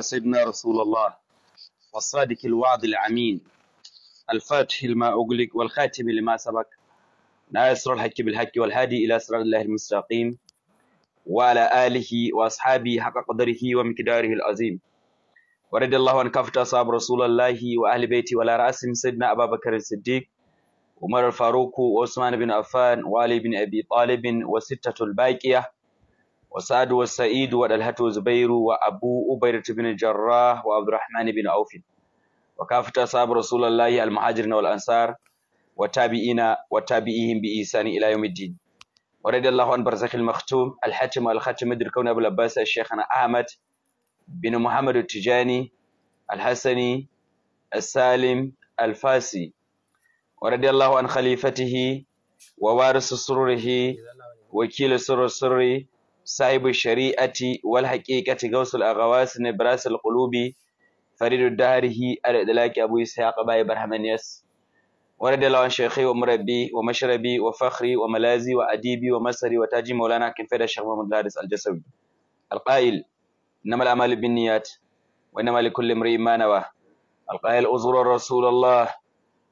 سيدنا رسول الله والصادق الوعد العمين الفاتح لما أغلق والخاتم لما سبق ناصر الحق بالحق والهادي إلى صراط الله المستقيم وعلى آله وأصحابه حق قدره ومقداره العظيم ورد الله عن كافة أصحاب رسول الله وأهل بيته ولا رأسهم سيدنا أبا بكر الصديق عمر الفاروق وعثمان بن عفان وعلي بن أبي طالب وستة الباقية وسعد والسعيد والهت وزبير وأبو أبيرة بن الجراح وعبد الرحمن بن عوف وكافة أصحاب رسول الله المهاجرين والأنصار وتابعين وتابعيهم بإحسان إلى يوم الدين ورد الله عن برزخ المختوم الحاتم الختم الدركون أبو العباس الشيخنا أحمد بن محمد التجاني الحسني السالم الفاسي ورد الله عن خليفته ووارث سره وكيل سر السر sahibu shari'ati wal haqiqati gausul aghawas ne brasil qulubi faridud darihi adadlaki abu isaaq bai barhamani yas warada lawan shaykhi wa murabbi wa mashrabi wa fakhri wa malazi wa adibi wa masri wa taji maulana kin fada shaykh muhammad daris al jasawi al qail nama al amal bin niyat nama li kulli imri imanawa al qail uzuru rasul allah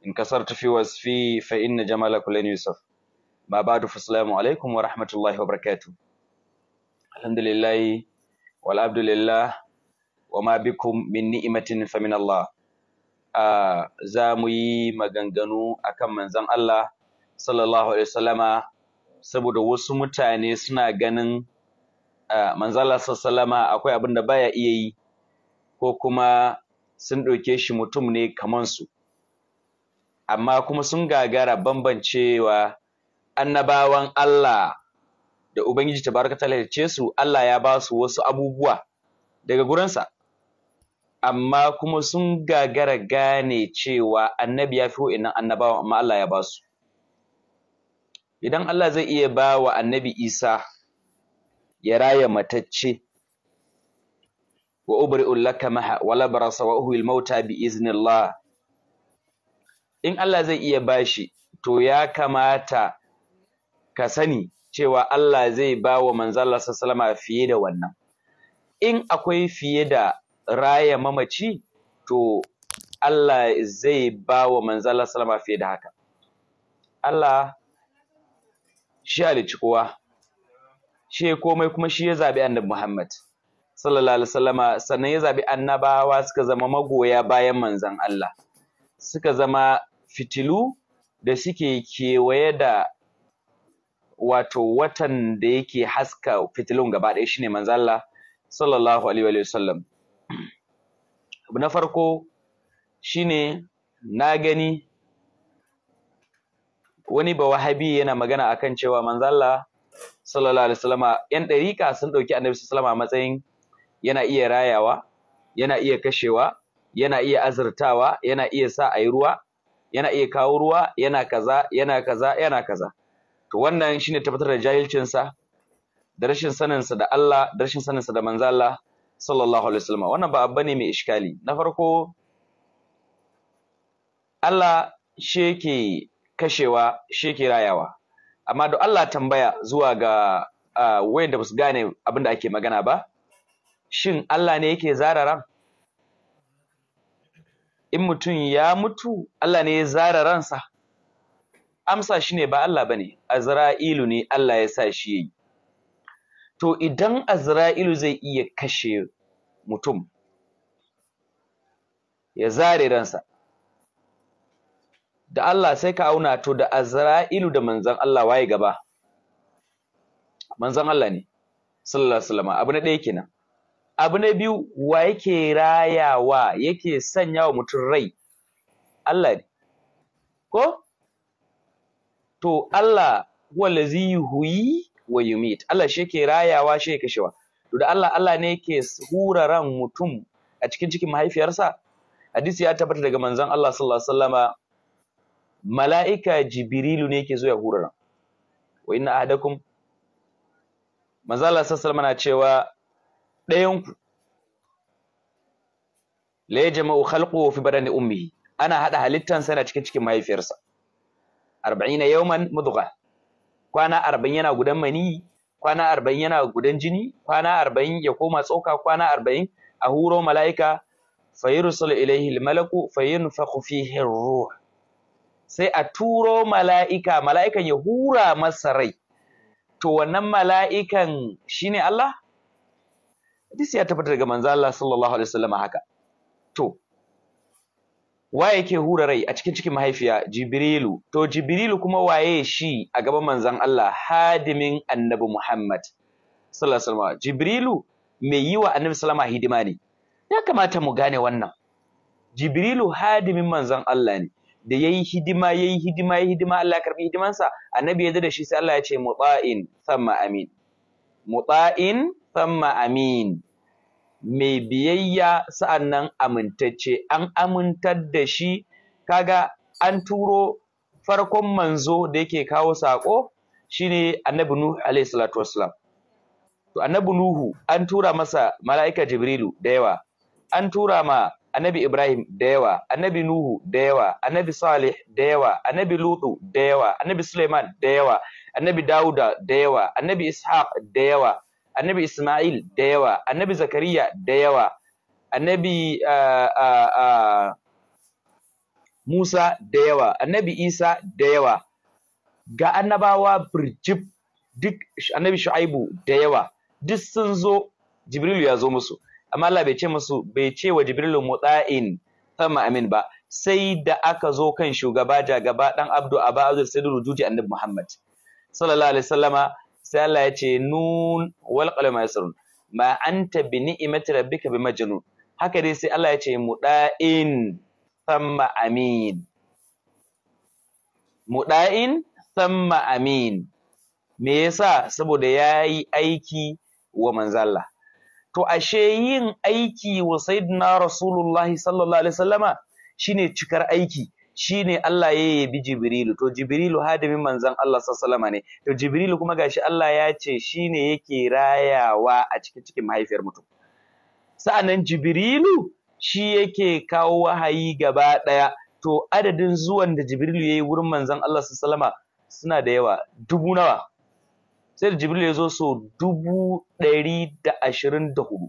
in fi wasfi fa inna jamala kullin yusuf ma ba'du assalamu alaikum wa rahmatullahi wa barakatuh alhamdulillahi wal wa ma bikum min ni'matin fa min Allah a za mu yi maganganu akan manzon Allah sallallahu alaihi wasallama saboda wasu mutane suna ganin uh, manzon Allah sallallahu akwai abin da baya iya yi ko kuma sun ɗauke shi mutum ne kaman su amma kuma sun gagara bambancewa annabawan Allah da Ubangiji ta tabaraka ta lalace su Allah ya ba su wasu abubuwa daga gurinsa amma kuma sun gagara gane cewa annabi ya fi wa'innan annabawa amma Allah ya ba su idan Allah zai iya ba wa annabi Isa ya raya matacce wa ubri ulaka maha wala barasa wa uhil mauta bi iznillah in Allah zai iya bashi to ya kamata ka sani cewa Allah zai ba wa manzala sallama fiye da wannan in akwai fiye da raya mamaci to Allah zai ba wa manzala sallama fiye da haka Allah shi halicci kowa shi komai kuma shi ya zabi annabi Muhammad sallallahu alaihi wasallama sannan ya zabi annabawa suka zama magoya bayan manzon Allah suka zama fitilu da suke kewaye da wato watan da yake haska fitilun gaba ɗaya shine manzo sallallahu alaihi wa sallam na farko shine na gani wani ba wahabi yana magana akan cewa manzo Allah sallallahu alaihi wasallama yan dariƙa sun ɗauki annabi sallallahu alaihi matsayin yana iya rayawa yana iya kashewa yana iya azurtawa yana iya sa ayi ruwa yana iya kawo ruwa yana kaza yana kaza yana kaza to wannan shine tabbatar da jahilcinsa da rashin saninsa da Allah da rashin saninsa da manzo Allah sallallahu alaihi wasallam wannan ba abba ne mai iskali na farko Allah shi yake kashewa shi yake rayawa amma da Allah tambaya zuwa ga uh, wayanda ba su gane abin da ake magana ba shin Allah ne yake zara ran in mutum ya mutu Allah ne ya zara ransa amsa shi ne ba Allah ba ne azra'ilu ne Allah ya sa shi yi to idan azra'ilu zai iya kashe mutum ya zare ransa da Allah sai ka auna to da azra'ilu da manzon Allah waye gaba manzon Allah ne sallallahu alaihi wasallam abu na ɗaya kenan abu na biyu wa yake rayawa yake sanya wa mutum rai Allah ne ko to Allah wallazi yuhyi wa yumit Allah shi yake rayawa shi yake kashewa to da Allah Allah ne yake hura ran mutum a cikin cikin mahaifiyarsa hadisi ya tabbata daga manzon Allah sallallahu alaihi wasallama mala'ika jibrilu ne yake zo ya hura ran wa inna ahadakum manzon Allah sallallahu alaihi wasallama na cewa ɗayan ku la yajma'u khalquhu fi badani ummihi ana hada halittansa yana cikin cikin mahaifiyarsa arba'ina yawman mudgha kwana arba'in yana gudan mani kwana arba'in yana gudan jini kwana arba'in ya koma tsoka kwana arba'in a huro mala'ika fa yursul ilaihi malaku fa yunfakhu fihi ruh sai a turo mala'ika mala'ikan ya hura masa rai to wannan mala'ikan shine Allah hadisi ya tabbata daga manzo Allah sallallahu alaihi wasallam haka to waye yake hura rai a cikin cikin mahaifiya jibrilu to jibrilu kuma waye shi a gaban manzon Allah hadimin annabi Muhammad sallallahu alaihi wasallam jibrilu me yi wa annabi sallama hidima ne ya kamata mu gane wannan jibrilu hadimin manzon Allah ne da yayi hidima yayi hidima yayi hidima Allah ya karbi hidimansa annabi ya da shi sai Allah ya ce mutain thumma amin mutain thumma amin mai biyayya sa'annan amintacce an amintar da shi kaga an turo farkon manzo da yake kawo sako shine annabi nuhu salatu to annabi nuhu an tura masa mala'ika jibrilu da yawa an tura ma annabi ibrahim da yawa annabi nuhu da yawa annabi salih da yawa annabi lutu da yawa annabi suleiman da yawa annabi Dawuda da yawa annabi ishaq da yawa annabi Ismail da yawa annabi Zakariya da yawa annabi Musa da yawa annabi Isa da yawa ga annabawa birjib duk annabi Shu'aibu da yawa duk sun zo Jibrilu ya zo musu amma Allah bai ce musu bai ce wa Jibrilu mutsa'in thumma amin ba sai da aka zo kan shugaba jagaba dan Abdu Aba Abdul Sayyid Rujuti annabi Muhammad sallallahu alaihi wasallama sai Allah ya ce nun wal qalam yasrun ma anta bi ni'mati rabbika bi majnun haka dai sai Allah ya ce muda'in samma amin muda'in samma amin me yasa saboda yayi aiki wa manzalla to ashe yin aiki wa sayyidina rasulullahi sallallahu alaihi wasallama shine cikar aiki shine Allah ya bi Jibrilu to Jibrilu hadimin manzon Allah sallallahu ne to Jibrilu kuma gashi Allah ya ce shine yake rayawa a cikin cikin mahaifiyar mutum sa'annan Jibrilu shi yake kawo wahayi gaba daya to adadin zuwan da Jibrilu yayi wurin manzon Allah sallallahu suna da yawa dubu nawa sai da Jibrilu ya zo so dubu ɗari da ashirin da hudu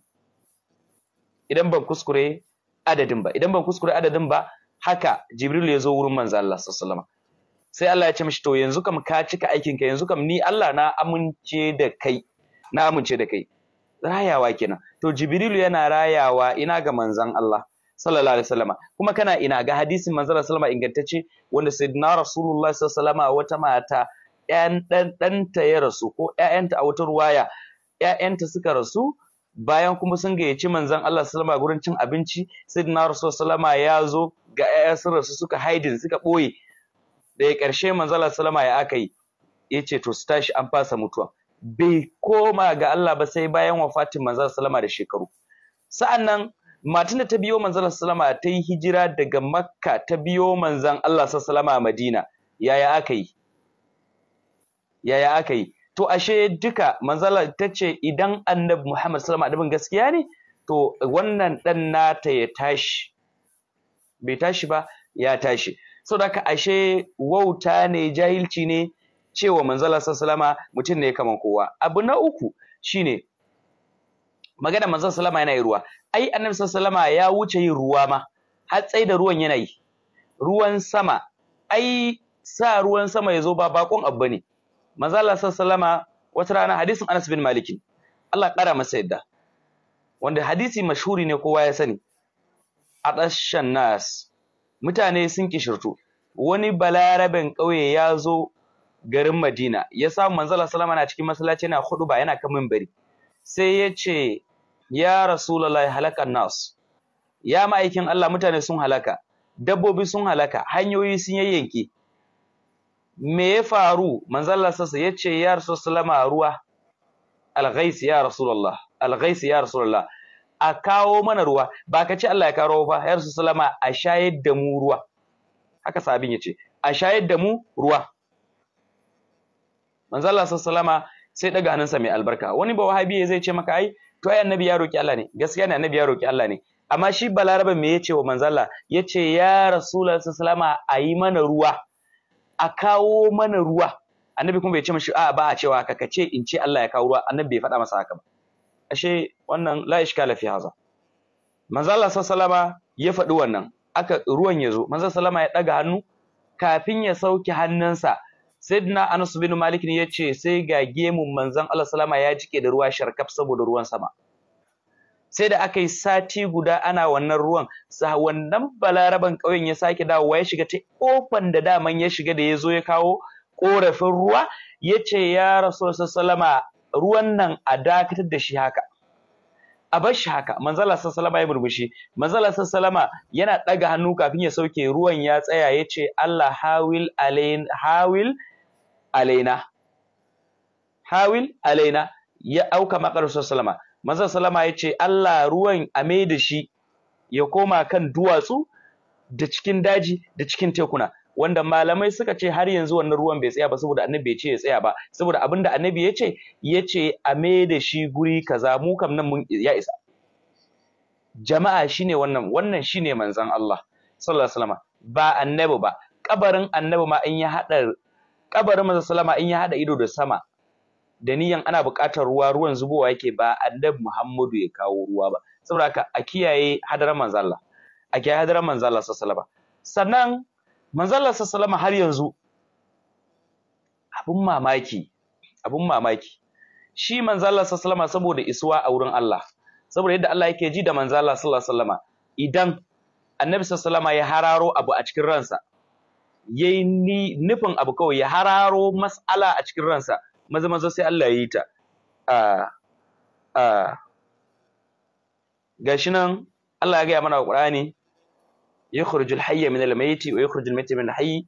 idan ban kuskure adadin ba idan ban kuskure adadin ba haka jibril ya zo wurin manzo Allah sallallahu alaihi sai Allah ya ce mishi to yanzu kam ka cika aikin ka yanzu kam ni Allah na amince da kai na amince da kai rayawa kenan to jibril yana rayawa ina ga manzon Allah sallallahu alaihi wasallam kuma kana ina ga hadisin manzon Allah sallallahu ingantacce wanda sayyidina rasulullah sallallahu alaihi wata mata ɗan ɗanta ya rasu ko ƴaƴanta a wata ruwaya ƴaƴanta suka rasu bayan kuma sun gayyaci manzon Allah sallama gurin cin abinci sai rasul sallama ya zo ga ƴaƴan sun rasu suka haidi suka boye da ya ƙarshe manzon Allah sallama ya aka yi ya ce to su tashi an fasa mutuwa bai koma ga Allah ba sai bayan wafatin manzon sallama da shekaru sa'annan matan da ta biyo manzon sallama ta yi hijira daga makka ta biyo manzon Allah sallama madina yaya aka yi yaya aka yi to ashe duka manzala ta ce idan annabi Muhammad sallallahu alaihi wasallam gaskiya ne to wannan dan nata ya tashi bai tashi ba ya tashi so da ashe wauta ne jahilci ne cewa manzala wasallam mutum ne kaman kowa abu na uku shine magana manzon sallama yana yi ruwa ai annabi sallama ya wuce yin ruwa ma har tsai da ruwan yana yi ruwan sama ai sa ruwan sama ya zo ba bakon abu ne manzo Allah sallama wata rana hadisin Anas bin Malik Allah kara masa yadda wanda hadisi mashhuri ne kowa ya sani adashan nas mutane sun kishirto wani balaraben ƙauye ya zo garin Madina ya samu manzo Allah sallama na cikin masallaci yana hudu ba yana kan bari. sai ya ce ya rasulullahi halakan nas ya ma'aikin Allah mutane sun halaka dabbobi sun halaka hanyoyi sun yayyanke me ya faru manzalla sassa ya ce ya rasu salama ruwa alghaisi ya rasulullah alghaisi ya rasulullah a kawo mana ruwa ba ka ce Allah ya kawo fa ya rasu salama a shayar da mu ruwa haka sabin ya ce a shayar da mu ruwa manzalla sassa salama sai daga hannunsa mai albarka wani ba wahabi zai ce maka ai to ai annabi ya roki Allah ne gaskiya ne annabi ya roki Allah ne amma shi balarabe me yace wa manzalla yace ya rasulullah sallallahu alaihi yi ayi mana ruwa a kawo mana ruwa annabi kuma bai ce mashi a ba a cewa haka ka ce in ce Allah ya kawo ruwa annabi bai faɗa masa haka ba ashe wannan la ishkala fi haza manzo Allah sallama ya faɗi wannan aka ruwan ya zo manzo sallama ya ɗaga hannu kafin ya sauke hannunsa sayyidina Anas bin Malik ne ya ce sai ga gemun manzon Allah sallama ya jike da ruwa sharkaf saboda ruwan sama sai da aka yi sati guda ana wannan ruwan sa wannan balaraban ƙauyen ya sake dawowa ya shiga ta kofan da daman ya shiga da ya zo ya kawo ƙorafin ruwa ya ce ya rasu salama ruwan nan a dakatar da shi haka a bar shi haka manzala salama ya murmushi manzala salama yana ɗaga hannu kafin ya sauke ruwan ya tsaya ya ce Allah hawil hawil alaina hawil alaina ya auka sa salama manzon salama ya ce Allah ruwan a mai da shi ya koma kan duwatsu da cikin daji da cikin tekuna wanda malamai suka ce har yanzu wannan ruwan bai tsaya ba saboda annabi ya ce ya tsaya ba saboda abin da annabi ya ce ya ce a mai da shi guri kaza mu kam nan mun ya isa jama'a shine wannan wannan shine manzon Allah sallallahu alaihi wasallam ba annabi ba kabarin annabi ma in ya hada kabarin manzon sallama in ya hada ido da sama da niyan ana buƙatar ruwa ruwan zubowa yake ba annabi Muhammadu ya kawo ruwa ba saboda haka a kiyaye hadaran manzo Allah a kiyaye hadaran manzo Allah sallallahu alaihi sannan manzo Allah sallallahu har yanzu abun mamaki abun mamaki shi manzo Allah sallallahu saboda isuwa a wurin Allah saboda yadda Allah yake ji da manzo Allah sallallahu alaihi idan annabi sallallahu ya hararo abu a cikin ransa yayi nufin abu kawai ya hararo mas'ala a cikin ransa maza maza sai Allah ya yi ta a a gashi nan Allah ya gaya mana a Qur'ani yukhrijul hayya min al-mayti wa yukhrijul mayyita min al-hayy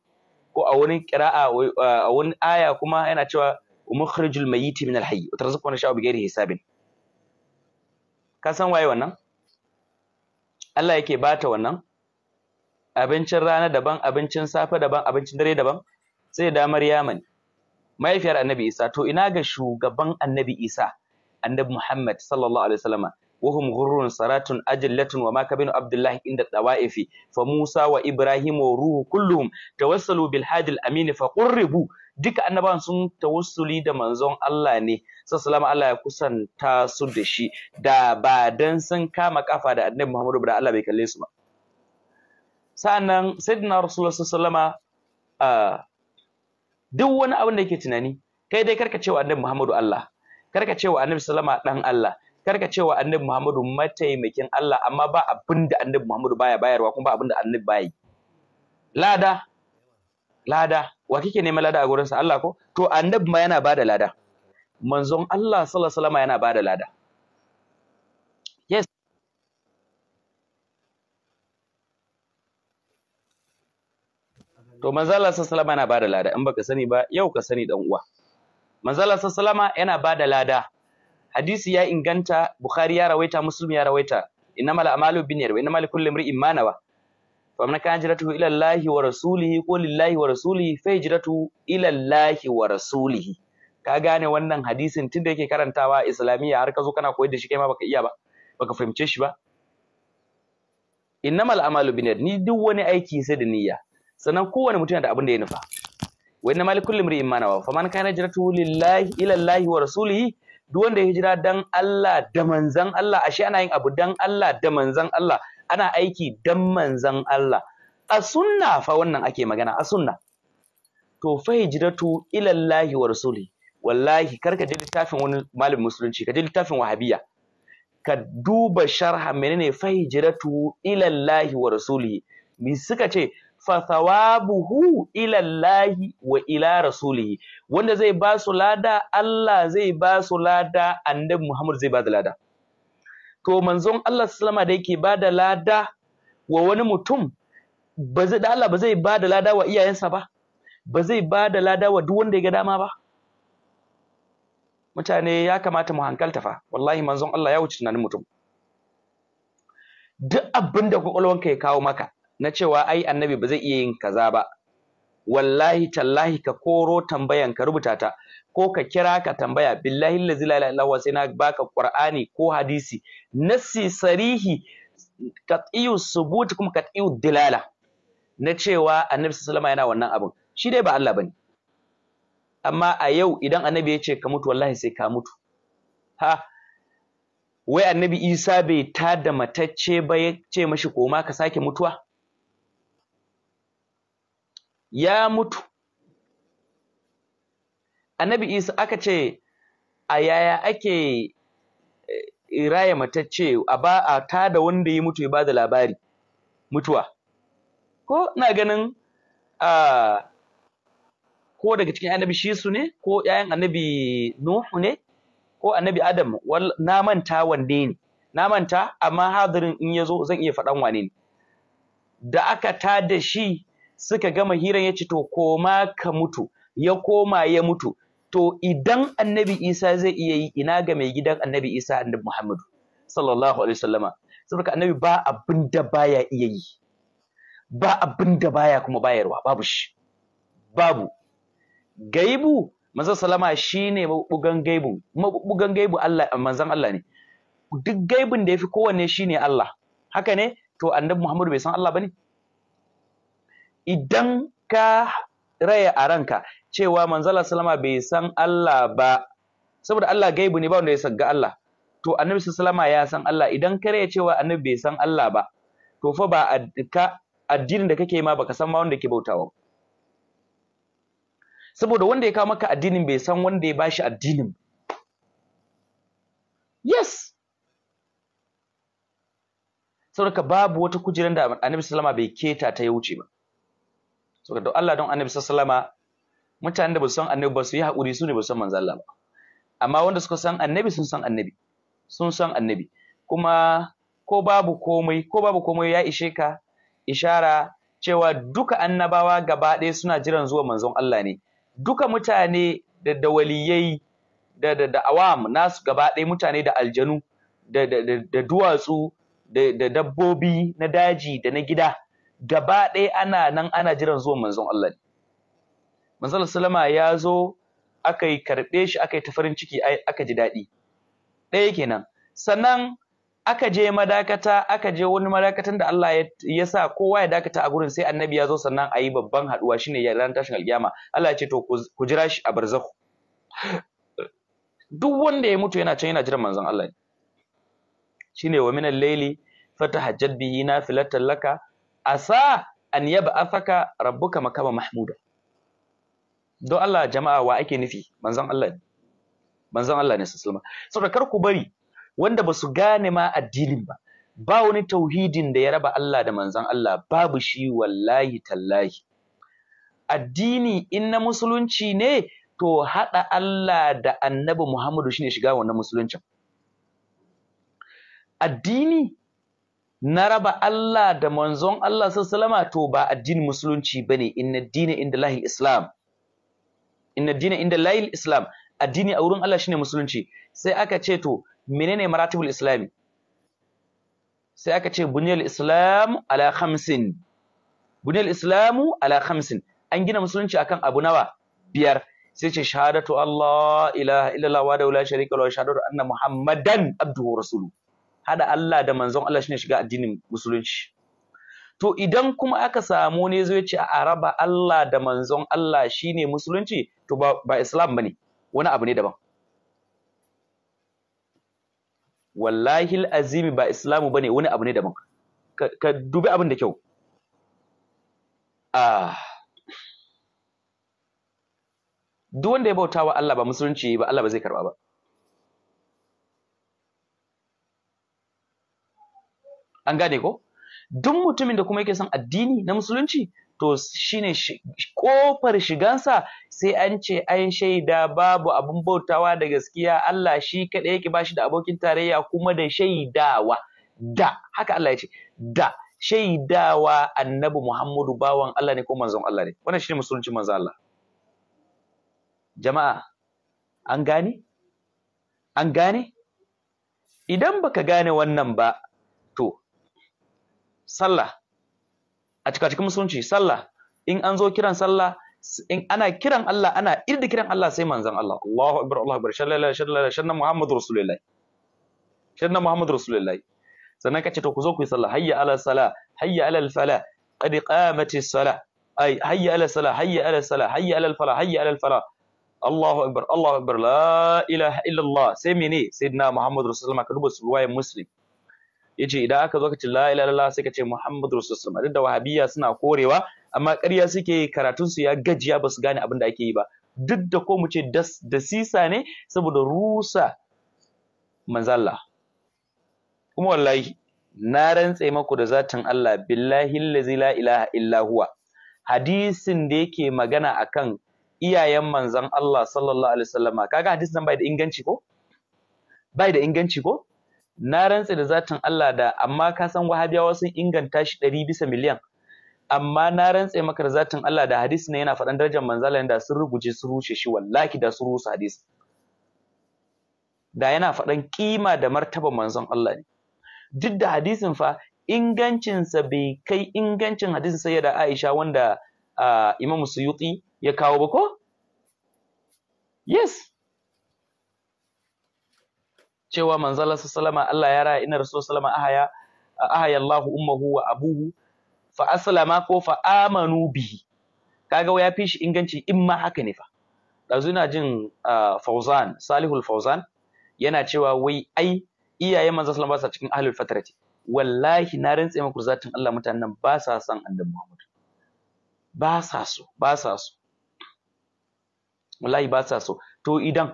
ko a wurin qira'a a wani aya kuma yana cewa umukhrijul mayyiti min al-hayy wa tarzuqu man sha'u bighairi hisabin ka san waye wannan Allah yake bata wannan abincin rana daban abincin safe daban abincin dare daban sai da Maryama ne mahaifiyar annabi isa to ina ga shugaban annabi isa annabi muhammad sallallahu alaihi wasallam وهم غر صلاة أجلة وما كبن عبد wa عند الطوائف فموسى وإبراهيم وروح كلهم توسلوا بالحاد الأمين فقربوا duka annabawan sun tawassuli da manzon Allah ne sallallahu Allah ya kusanta su da shi da ba dan sun kama kafa da annabi Muhammadu ba Allah bai kalle su ba sa'annan sayyidina rasulullah sallallahu alaihi ah, duk wani abin da yake tunani kai dai karka cewa annabi Muhammadu Allah karka cewa annabi sallama dan Allah karka cewa annabi Muhammadu mataimakin Allah amma ba abin da annabi Muhammadu baya bayarwa kuma ba abin da annabi baya lada lada wa kike neman lada a gurinsa Allah ko to annabi ma yana bada lada manzon Allah sallallahu alaihi wasallam yana bada lada to manzala sallama yana bada lada in baka sani ba yau ka sani dan uwa manzala sallama yana bada lada hadisi ya inganta bukhari ya rawaita muslim ya rawaita innamal a'malu binniyat wa innamal kulli imrin ma nawa faman kana hijratuhu ila Allahi wa rasulihi qul lillahi wa rasulihi fa hijratuhu ila Allahi wa rasulihi ka gane wannan hadisin tunda yake karantawa islamiyya har ka zo kana koyar da shi kai ma baka iya ba baka fahimce shi ba innamal a'malu binniyat ni duk wani aiki sai da niyya sannan kowane mutum da abin da ya nufa wa inna mali kullum imri'in ma nawa faman kana hijratuhu lillahi ila Allahi wa rasulihi duk wanda ya hijira dan Allah da manzan Allah ashe ana yin abu dan Allah da manzan Allah ana aiki dan manzan Allah a sunna fa wannan ake magana a sunna to fa hijratu ila Allahi wa rasulihi wallahi kar ka je littafin wani malamin musulunci ka je littafin wahabiya ka duba sharha menene fa hijratu ila Allahi wa rasulihi me suka ce fa thawabuhu ila Allah wa ila rasulih wanda zai ba su lada Allah zai ba su lada annabi Muhammad zai ba da lada to manzon Allah sallama da yake ba da lada wa wani mutum ba zai da Allah ba zai ba da lada wa iyayensa ba ba zai ba da lada wa duk wanda ya ga dama ba mutane ya kamata mu hankalta fa wallahi manzon Allah ya wuce tunanin mutum duk abin da kwakwalwanka ya kawo maka na cewa ai annabi ba zai iya yin kaza ba wallahi tallahi ka koro tambayan ka rubuta ta ko ka kira ka tambaya billahi allazi la ilaha illa sai na baka qur'ani ko hadisi nassi sarihi qat'iyu subut kuma qat'iyu dilala na cewa annabi sallallahu yana wannan abin shi dai ba Allah bane amma a yau idan annabi ya ce ka mutu wallahi sai ka mutu ha wai annabi Isa bai tada matacce ba ya ce mashi koma ka sake mutuwa ya mutu annabi isa aka ce a yaya ake eh, raya matacce a ba a ta da wanda ya mutu ya ba da labari mutuwa ko ina ganin a ko daga cikin annabi su ne ko 'ya'yan annabi nuhu ne ko annabi adam na manta wanne ne na manta amma hadirin in ya zo zan iya faɗan wane ne da aka ta da shi suka gama hiran ya ce to koma ka mutu ya koma ya mutu to idan annabi isa zai iya yi ina ga mai gidan annabi isa annabi muhammadu sallallahu alaihi wasallama saboda annabi ba abin da baya iya yi ba abin da baya kuma bayarwa babu shi babu gaibu manzo salama shine mabubugan gaibu mabubugan gaibu Allah manzon Allah ne duk gaibun da yafi kowanne shine Allah haka ne to annabi muhammadu bai san Allah bane idan ka raya a ranka cewa manzala Salama bai san Allah ba saboda Allah gaibu ne ba wanda ya sagga Allah to annabi Salama ya san Allah idan ka raya cewa annabi bai san Allah ba to fa ba addinin da kake ma baka san ma wanda ke bautawa saboda wanda ya kawo maka addinin bai san wanda ya bashi addinin yes saboda babu wata kujerar da annabi Salama bai keta ta ya wuce ba so da Allah don annabi sallama mutanen da ba su san annabi ba su yi haƙuri su ne ba su san manzo Allah ba amma wanda suka san annabi sun san annabi sun san annabi kuma ko babu komai ko babu komai ya ishe ka ishara cewa duka annabawa gaba ɗaya suna jiran zuwa manzon Allah ne duka mutane da da waliyai da da da awam nasu gaba ɗaya mutane da aljanu da da da duwatsu da dabbobi na daji da na gida gaba ɗaya ana nan ana jiran zuwan manzon Allah ne manzon sallama ya zo aka yi karɓe shi aka yi ta farin ciki aka ji daɗi ɗaya kenan sannan aka je madakata aka je wani madakatan da Allah ya sa kowa ya dakata a gurin sai annabi ya zo sannan a yi babban haɗuwa shine ya ran tashin alkiyama Allah ya ce to ku jira shi a barzakhu duk wanda ya mutu yana can yana jiran manzon Allah ne shine wa minal layli fatahajjat bihi nafilatan laka asa an yaba afaka rabbuka makama mahmuda don Allah jama'a wa ake nufi manzon Allah ne manzon Allah ne sallama saboda kar ku bari wanda ba su gane ma addinin ba ba wani tauhidin da ya raba Allah da manzon Allah babu shi wallahi tallahi addini in na musulunci ne to haɗa Allah da annabi Muhammadu shine shiga wannan musuluncin addini na raba Allah da manzon Allah sallama to ba addinin musulunci bane inna dina inda lahi islam inna dina inda lahi islam addini a wurin Allah shine musulunci sai aka ce to menene maratibul islami sai aka ce bunyal islam ala khamsin bunyal islamu ala khamsin an gina musulunci akan abu nawa biyar sai ce shahadatu Allah ilaha illallah wa la sharika lahu shahadatu anna muhammadan abduhu rasuluhu hada Allah da manzon Allah shine shiga addinin musulunci to idan kuma aka samu ne zai ce a araba Allah da manzon Allah shine musulunci to ba, ba islam bane wani abu ne daban wallahi azimi ba islamu bane wani abu ne daban ka, ka dubi abin da kyau ah duk wanda ya bauta wa Allah ba musulunci ba Allah ba zai karba ba an gane ko duk mutumin da kuma yake son addini na musulunci to shine kofar shigansa sai an ce an shaida babu abun bautawa da gaskiya Allah shi kaɗai yake bashi da abokin tarayya kuma da shaidawa da haka Allah ya ce da shaidawa annabi Muhammadu bawan Allah ne ko manzon Allah ne wannan shine musulunci manzon Allah jama'a an gane an gane idan baka gane wannan ba to sallah a cika cikin musulunci sallah in an zo kiran sallah in ana kiran Allah ana irda kiran Allah sai manzon Allah Allahu akbar Allahu akbar shallallahu alaihi wasallam shalla Muhammadu rasulullahi shalla Muhammadu rasulullahi sannan kace to ku zo ku yi sallah hayya ala salah hayya ala al falah qad qamati salah ay hayya ala salah hayya ala salah hayya ala al falah hayya ala al falah Allahu akbar Allahu akbar la ilaha illa Allah sai mene sayyidina Muhammadu rasulullahi ka duba suwaye muslim yace idan aka zo ka ce la ilaha illallah sai ka ce muhammadu rasulullah duk da wahabiyya suna korewa amma ƙarya suke karatun su ya gajiya ba su gane abin da ake yi ba duk da ko mu ce da sisa ne saboda rusa manzalla kuma wallahi na rantse maku da zatin Allah billahi allazi la ilaha illa huwa hadisin da yake magana akan iyayen manzon Allah sallallahu alaihi wasallama kaga hadisin bai da inganci ko bai da inganci ko na rantse da zatin Allah da amma ka san wahabiyawa sun inganta shi ɗari bisa miliyan amma na rantse maka da zatin Allah da hadisi ne yana faɗan darajar manzala da sun ruguje sun rushe shi wallahi da sun rusa hadisi da yana faɗan kima da martaba manzon Allah ne duk da hadisin fa ingancinsa bai kai ingancin hadisi hadisin da Aisha wanda uh, Imam Suyuti ya kawo ba ko yes cewa manzala salama Allah ya raya ina rasul salama ahaya ahaya Allahu ummuhu wa abuhu fa aslama ko fa amanu bihi kaga ya fi shi inganci in ma haka ne fa dazu ina jin Fauzan Salihul Fauzan yana cewa wai ai iyaye manzo sallama ba sa cikin ahlul fatrati wallahi na rantse muku zatin Allah mutanen nan ba sa son annabi Muhammad ba sa so ba sa so wallahi ba sa so to idan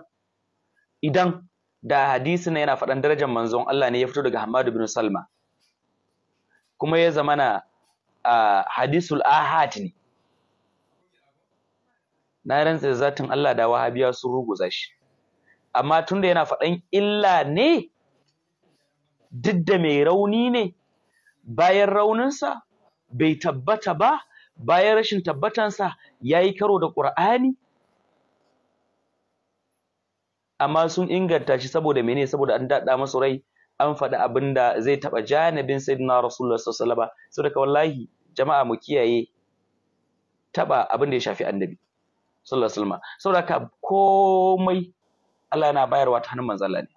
idan da hadisi ne yana faɗan darajar manzon Allah ne ya fito daga hamad bin Salma kuma ya zama na hadisul ahad ne na rantsa da zatin Allah da wahabiya sun ruguza shi amma tunda yana faɗan illa ne duk da mai rauni ne bayan rauninsa bai tabbata ba bayan rashin tabbatansa ya yi karo da ƙur'ani amma sun inganta shi saboda menene saboda an daɗa masu rai an faɗi abin da zai taɓa janibin sayyidina rasulullah sallallahu alaihi wasallam saboda wallahi jama'a mu kiyaye taɓa abin da ya shafi annabi sallallahu alaihi wasallam saboda ka komai Allah yana bayarwa ta hannun manzo ne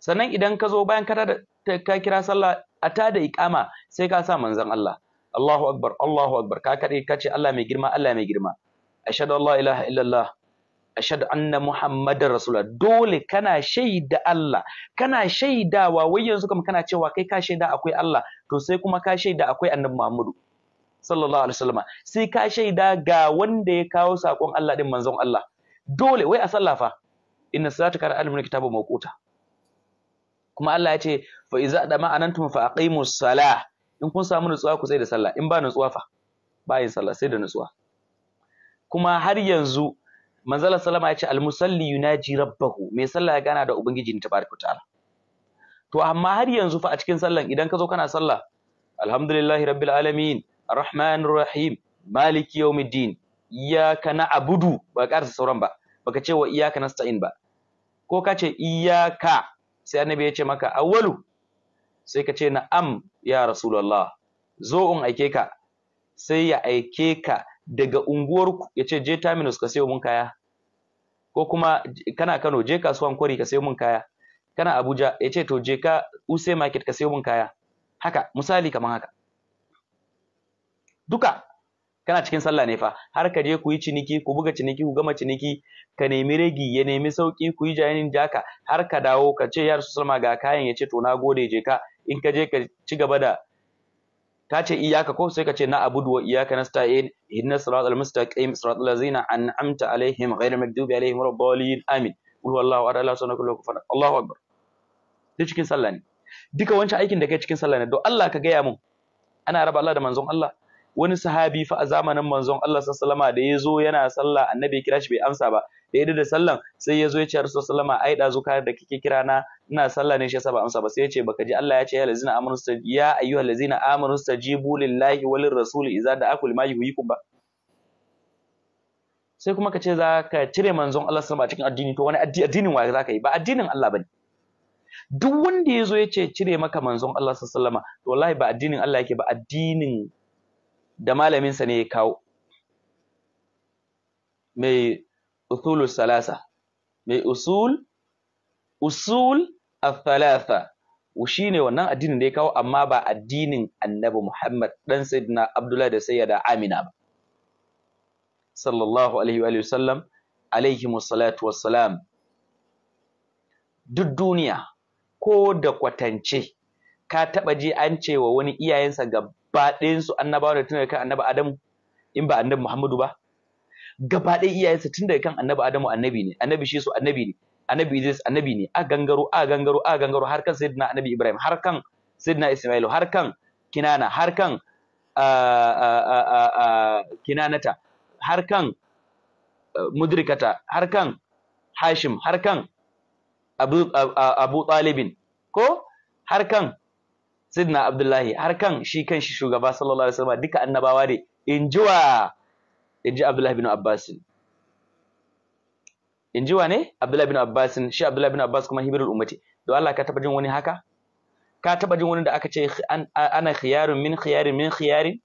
sannan idan ka zo bayan ka kira sallah a ta da iqama sai ka sa manzon Allah Allahu akbar Allahu akbar ka kade ka ce Allah mai girma Allah mai girma ashhadu an la ilaha illallah ashadu anna muhammadar rasulullah dole kana shaida Allah kana shaidawa wai yanzu kuma kana cewa kai ka shaida akwai Allah to sai kuma ka shaida akwai annabi Muhammadu sallallahu alaihi wasallam sai ka shaida ga wanda ya kawo sakon Allah din manzon Allah dole wai a sallah fa inna salata kana alimin kitabu mawquta kuma Allah ya ce fa iza da ma'anantum fa aqimus salah in kun samu nutsuwa ku sai da sallah in ba nutsuwa fa ba yin sallah sai da nutsuwa kuma har yanzu manzala sallama ya ce almusalli yunaji rabbahu mai sallah ya gana da ubangiji tabaraka ta'ala to amma har yanzu fa a cikin sallan idan ka zo kana sallah alhamdulillahi rabbil alamin arrahmanir rahim maliki yawmiddin iyyaka na'budu ba karsa sauran ba baka ce wa iyyaka nasta'in ba ko ka ce iyyaka sai annabi ya ce maka awwalu sai ka ce na'am ya rasulullah zo in aike ka sai ya aike ka daga unguwarku ya ce je terminus ka sayo mun kaya ko kuma kana Kano je kasuwan kwari ka sayo mun kaya kana Abuja ya ce to je ka Use market ka sayo mun kaya haka misali kaman haka duka kana cikin sallah ne fa har ka je ku yi ciniki ku buga ciniki ku gama ciniki ka nemi regi ya nemi sauki ku yi jayanin jaka har ka dawo ka ce ya Rasulullah ga kayan ya ce to na gode je ka in ka je ka ci gaba da ka ce iyaka ko sai ka ce na abudu wa iyaka nasta'in inna siratal mustaqim siratal ladzina an'amta alaihim ghayril maghdubi alaihim waladdallin amin qul wallahu ahad allahu samad lam yakul Allahu akbar duk cikin sallah ne duka wancan aikin da kai cikin sallah ne don Allah ka gaya mun ana raba Allah da manzon Allah wani sahabi fa a zamanin manzon Allah sallallahu alaihi wasallam da ya zo yana sallah annabi ya kira shi bai amsa ba da ya da sallan sai ya zo ya ce ya sallama ai da kayan da kike kira na ina sallah ne shi yasa ba amsa ba sai ya ce baka ji Allah ya ce ya lazina amanu ya ayyuhal lazina amanu stajibu lillahi walir rasul idza da'akum lima yuhyikum ba sai kuma ka ce za ka cire manzon Allah sallama a cikin addini to wani addinin wa za ka yi ba addinin Allah bane duk wanda ya zo ya ce cire maka manzon Allah sallama to wallahi ba addinin Allah yake ba addinin da malaminsa ne ya kawo mai usul salasa mai usul usul al-thalatha wannan addinin da ya kawo amma ba addinin annabi Muhammad dan sayyidina Abdullah da sayyida Amina ba sallallahu alaihi wa sallam alaihi wassalatu wassalam duk duniya ko da kwatance ka taba ji an cewa wani iyayensa gaba ɗayansu annabawa da tunar kan annabi Adamu in ba annabi Muhammadu ba gaba ɗaya iyayensa tun daga kan annabi adamu annabi ne annabi shi su annabi ne annabi idris annabi ne a gangaro a gangaro a gangaro har kan sayyidina annabi ibrahim har kan sayyidina ismailu har kan kinana har kan kinanata har kan mudrikata har kan hashim har kan abu abu talibin ko har kan sayyidina abdullahi har kan shi kan shi shugaba sallallahu alaihi wasallam duka annabawa ne injuwa in ji Abdullahi bin Abbas in ji wane Abdullahi bin Abbas shi Abdullahi bin Abbas kuma hibirul ummati don Allah ka taba jin wani haka ka taba jin wani da aka ce ana khiyarun min khiyarin min khiyarin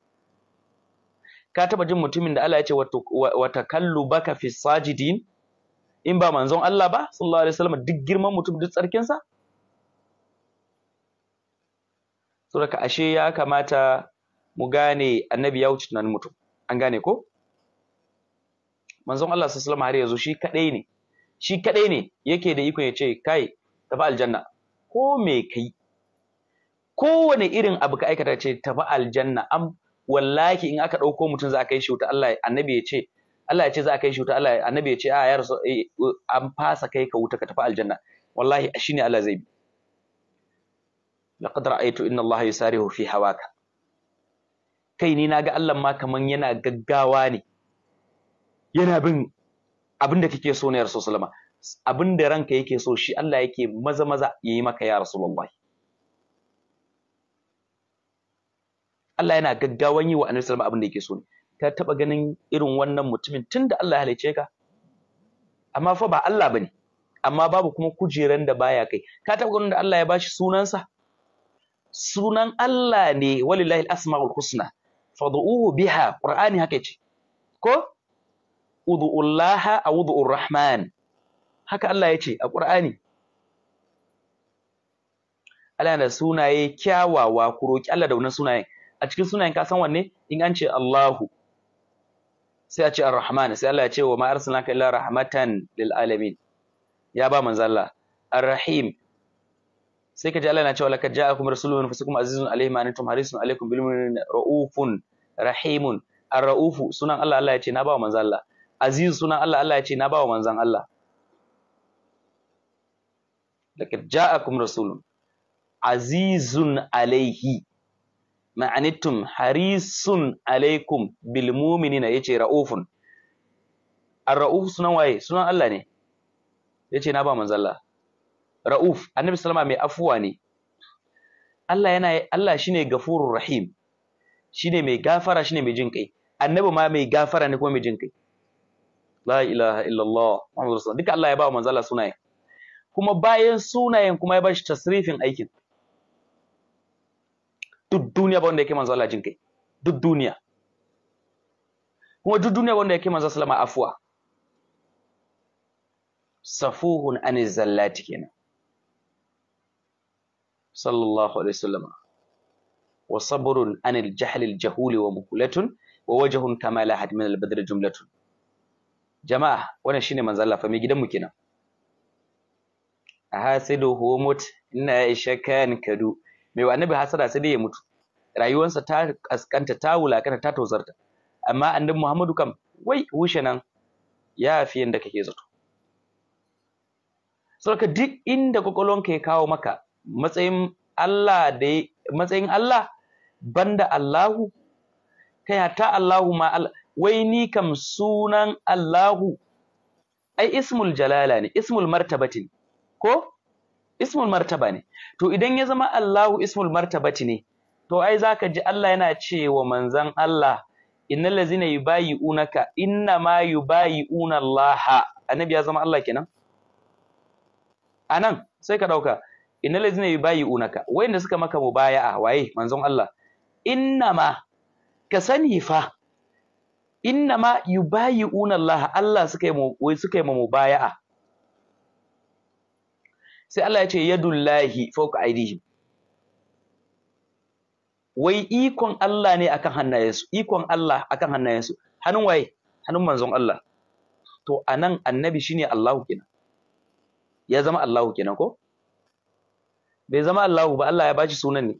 ka taba jin mutumin da Allah ya ce wa baka fi sajidin in ba manzon Allah ba sallallahu alaihi wasallam duk girman mutum duk tsarkinsa saboda ashe ya kamata mu gane annabi ya wuce tunanin mutum an gane ko manzon Allah sallallahu alaihi wasallam shi kadai ne shi kadai ne yake da iko ya ce kai tafi aljanna ko me kai kowane irin abu ka aikata ce tafi aljanna am wallahi in aka dauko mutum za a kai shi wuta Allah annabi ya ce Allah ya ce za a kai shi wuta Allah annabi ya ce a ah, ya rasu eh, an fasa kai ka wuta ka tafi aljanna wallahi shine Allah zai bi laqad ra'aytu inna Allah yusarihu fi hawaka kai ni naga Allah ma kaman yana gaggawa ne yana bin abin da kake so ne ya rasulullah abin da ranka yake so shi Allah yake maza maza ya yi maka ya rasulullah Allah yana gaggawan yi wa annabi sallallahu abin da yake so ne ka taba ganin irin wannan mutumin tunda Allah ya halice ka amma fa ba Allah bane amma babu kuma kujeran da baya kai ka taba ganin da Allah ya bashi sunansa sunan Allah ne walillahi al-asmaul husna fad'uhu biha qur'ani haka ce ko udu'ullaha a udu'ur rahman haka Allah ya ce a ƙur'ani Allah da sunaye kyawawa ku roƙi Allah da wannan sunayen a cikin sunayen ka san wanne in an ce Allahu sai a ce Ar-Rahman sai Allah ya ce wa ma arsalnaka illa rahmatan lil alamin ya ba manzo Allah Ar-Rahim sai ka ji Allah yana cewa laqad ja'akum rasulun min anfusikum azizun alayhi ma antum harisun alaykum bil mu'minina raufun rahimun ar-raufu sunan Allah Allah ya ce na ba manzo aziz sunan Allah Allah ya ce na bawa manzan Allah laqad ja'akum rasulun azizun alaihi ma'anittum harisun alaikum bil mu'minina yace raufun ar-rauf sunan waye sunan Allah ne yace na ba manzan Allah rauf annabi sallama mai afuwa ne Allah yana Allah shine gafurur rahim shine mai gafara shine mai jinkai annabi ma mai gafara ne kuma mai jinkai la ilaha illallah Muhammadu Rasulullah duka Allah ya ba Manzala sunaye. kuma bayan sunayen kuma ya ba shi tasrifin aikin duk duniya ba wanda yake manzo Allah jin kai duk duniya kuma duk duniya wanda yake manzo sallama afwa safuhun an zallati kenan sallallahu alaihi wasallam wa sabrun anil jahli al jahuli wa muhlatun wa wajhun kama la had min al jumlatun jama'a wannan shine manzo Allah fa mai gidanmu kenan hasidu humut inna ishakan kadu mai annabi hasada sai dai ya mutu rayuwarsa ta kaskanta ta wulakanta ta tausarta amma annabi Muhammadu kam wai hushe nan ya fi yanda kake zato saboda duk inda kwakwalwanka ya kawo maka matsayin Allah da matsayin Allah banda Allahu kai hatta Allahu ma Allah wai ni kam sunan Allahu ai ismul jalala ne ismul martabati ko ismul martaba ne to idan ya zama Allahu ismul martabati ne to ai zaka ji Allah yana cewa manzon Allah innal ladzina yubayyi'unaka inna ma yubayyi'una Allah annabi ya zama Allah kenan anan sai ka dauka innal ladzina yubayi'unaka wayanda suka maka mubaya'a waye manzon Allah inna ma ka sani fa innama yubayi'una Allah Allah suka yi wai suka yi mubaya'a sai Allah ya ce yadullahi fawqa aidihim wai ikon Allah ne akan hannayensu ikon Allah akan hannayensu hannun waye hannun manzon Allah to anan annabi shine Allahu kenan ya zama Allahu kenan ko bai zama Allahu ba Allah ya bashi sunan ne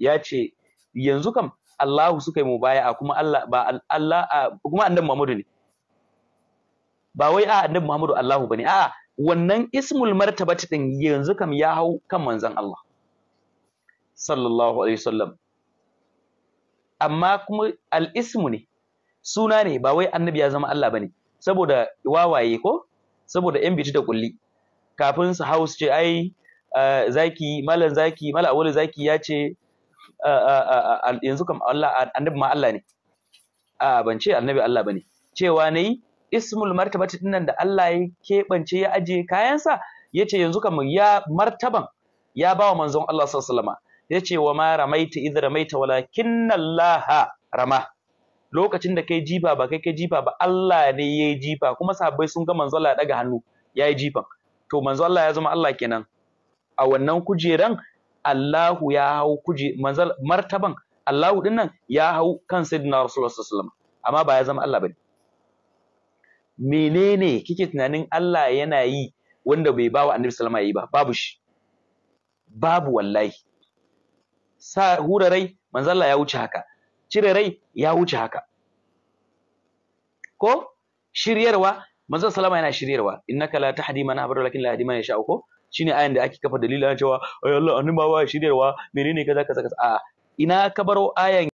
ya ce yanzu kam Allahu suka yi a kuma Allah ba Allah kuma annabi Muhammadu ne ba wai a annabi Muhammadu Allahu bane a'a wannan ismul martabati din yanzu kam ya hau kan manzon Allah sallallahu alaihi wasallam amma kuma al-ismu ne suna ne ba wai annabi ya zama Allah bane saboda wawaye ko saboda yan bitu da kulli kafin su hau su ce ai zaki malam zaki malam awali zaki ya ce yanzu kam Allah annabi ma Allah ne a ban ce annabi Allah bane cewa nayi ismul martabati dinnan da Allah ya keɓance ya aje kayansa yace yanzu kam ya martaban ya ba wa manzon Allah sallallahu alaihi wasallam yace wa ma ramaita idh ramaita Allah rama lokacin da kai jifa ba kai kai jifa ba Allah ne ya jifa kuma sahabbai sun ga manzo Allah ya daga hannu ya yi jifan to manzo Allah ya zama Allah kenan a wannan kujeran Allahu ya hau kuje martaban Allahu din nan ya hau kan sayyidina Rasulullah sallallahu alaihi wasallam amma ba ya zama Allah bane menene kike tunanin Allah yana yi wanda bai bawa Annabi sallallahu alaihi wasallam yi ba babu shi babu wallahi sa hurarai rai Allah ya wuce haka cire rai ya wuce haka ko shiryarwa alaihi wasallam yana shiryarwa innaka la tahdi man abara lakin la hadi man yasha ko shine ayan da ake kafa dalilin cewa ai Allah annabawa shiryarwa menene kaza kaza kaza a'a ina ka baro ayan